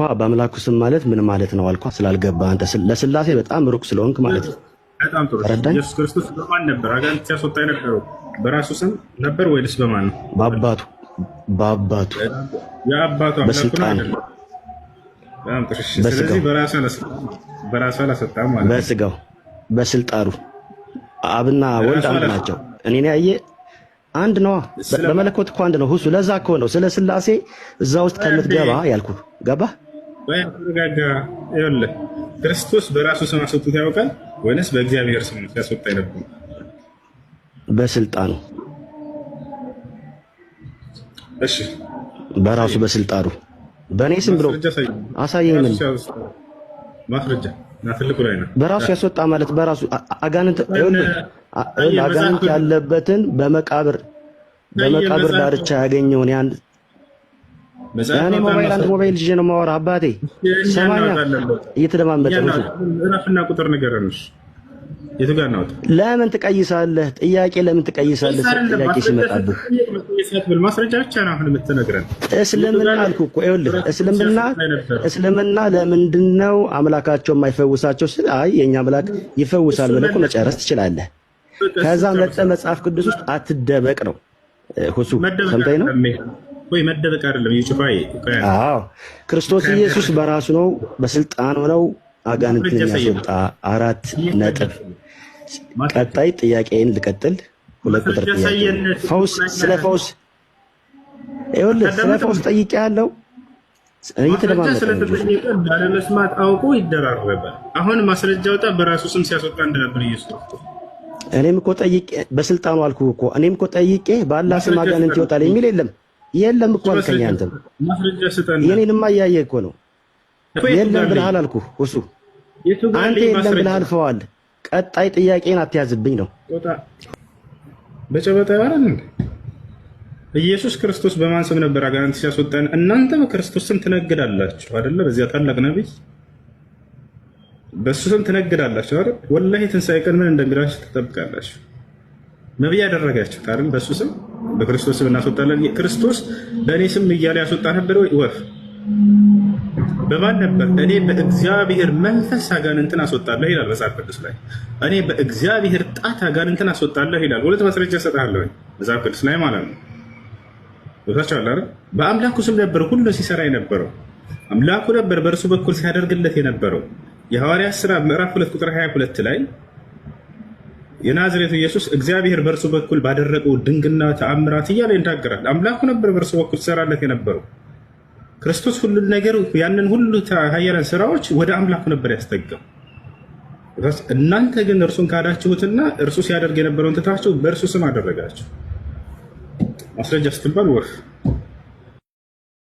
እኮ በአምላኩ ስም ማለት ምን ማለት ነው አልኳ። ስላልገባ አንተ ለስላሴ በጣም ሩቅ ስለሆንክ ማለት ነው። በጣም ጥሩ። ኢየሱስ ክርስቶስ በማን ነበር አጋንንት ሲያስወጣ የነበረው? በራሱ ስም ነበር ወይስ በማን ነው? በአባቱ በአባቱ የአባቱ በስልጣን በስጋው በስልጣኑ አብና ወልድ አንድ ናቸው። እኔን ያየ አንድ ነዋ። በመለኮት እኮ አንድ ነው ሁሱ። ለዛ እኮ ነው ስለ ስላሴ እዛ ውስጥ ከምትገባ ያልኩ ገባ ተረጋጋ። ይኸውልህ ክርስቶስ በራሱ ስም አስወጡት ያውቃል ወይንስ በእግዚአብሔር ስም ሲያስወጣ ነበር? በስልጣኑ። እሺ፣ በራሱ በስልጣኑ በእኔ ስም ብሎ አሳየኝ። ምን ማስረጃ? ትልቁ ላይ ነው። በራሱ ያስወጣ ማለት በራሱ አጋንንት አጋንንት ያለበትን በመቃብር በመቃብር ዳርቻ ያገኘውን ያን እኔ ሞባይል አንድ ሞባይል ይዤ ነው የማወራህ። አባቴ ሰማኛ እየተደማመጠ ነው። ምዕራፍና ቁጥር ንገረን። የቱ ጋር ነው? ለምን ትቀይሳለህ? ጥያቄ ለምን ትቀይሳለህ? ጥያቄ ሲመጣብህ ማስረጃ ብቻ ነው አሁን የምትነግረን። እስልምና አልኩህ እኮ ይኸውልህ፣ እስልምና እስልምና ለምንድን ነው አምላካቸው የማይፈውሳቸው? ስለ አይ የኛ አምላክ ይፈውሳል ብለህ እኮ መጨረስ ትችላለህ። ከዛ መጠ መጽሐፍ ቅዱስ ውስጥ አትደበቅ ነው ሁሱ ሰምተኸኝ ነው ወይ መደበቅ አይደለም። የጭፋይ ክርስቶስ ኢየሱስ በራሱ ነው በስልጣኑ ነው አጋንንትን ያስወጣ። አራት ነጥብ። ቀጣይ ጥያቄን ልቀጥል። ሁለት ቁጥር ፈውስ፣ ስለ ፈውስ ይኸውልህ፣ ስለ ፈውስ ያለው ባለመስማት አውቁ ይደራረባል። አሁን ማስረጃ ወጣ። በራሱ ስም ሲያስወጣ እንደነበር ኢየሱስ እኔም እኮ ጠይቄ በስልጣኑ አልኩ እኮ እኔም እኮ ጠይቄ ባላ ስም አጋንንት ይወጣል የሚል የለም የለም እኮ አልከኝ። አንተም የኔንማ እያየህ እኮ ነው። የለም ብልሃል አልኩ። እሱ አንተ የለም ብልሃል ፈዋል። ቀጣይ ጥያቄን አትያዝብኝ ነው። በጨበጣ ያለን ኢየሱስ ክርስቶስ በማን ስም ነበር አጋንንት ሲያስወጣን? እናንተ በክርስቶስ ስም ትነግዳላችሁ አይደለ? በዚያ ታላቅ ነቢይ በእሱ ስም ትነግዳላችሁ አይደል? ወላሂ ትንሣኤ ቀን ምን እንደሚላችሁ ትጠብቃላችሁ። ነቢይ ያደረጋችሁ አይደል? በእሱ ስም በክርስቶስ ስም እናስወጣለን። ክርስቶስ በእኔ ስም እያለ ያስወጣ ነበር ወይ? ወፍ በማን ነበር? እኔ በእግዚአብሔር መንፈስ አጋንንትን አስወጣለሁ ይላል መጽሐፍ ቅዱስ ላይ። እኔ በእግዚአብሔር ጣት አጋንንትን አስወጣለሁ ይላል። ሁለት ማስረጃ እሰጥሃለሁ መጽሐፍ ቅዱስ ላይ ማለት ነው። ታቸዋለ በአምላኩ ስም ነበር ሁሉ ሲሰራ የነበረው አምላኩ ነበር በእርሱ በኩል ሲያደርግለት የነበረው የሐዋርያ ስራ ምዕራፍ 2 ቁጥር 22 ላይ የናዝሬቱ ኢየሱስ እግዚአብሔር በእርሱ በኩል ባደረገው ድንቅና ተአምራት እያለ ይናገራል። አምላኩ ነበር በእርሱ በኩል ሰራለት የነበረው ክርስቶስ ሁሉን ነገር ያንን ሁሉ ኃያላን ስራዎች ወደ አምላኩ ነበር ያስጠጋው። እናንተ ግን እርሱን ካዳችሁትና እርሱ ሲያደርግ የነበረውን ትታችሁ በእርሱ ስም አደረጋችሁ። ማስረጃ ስትባል ወፍ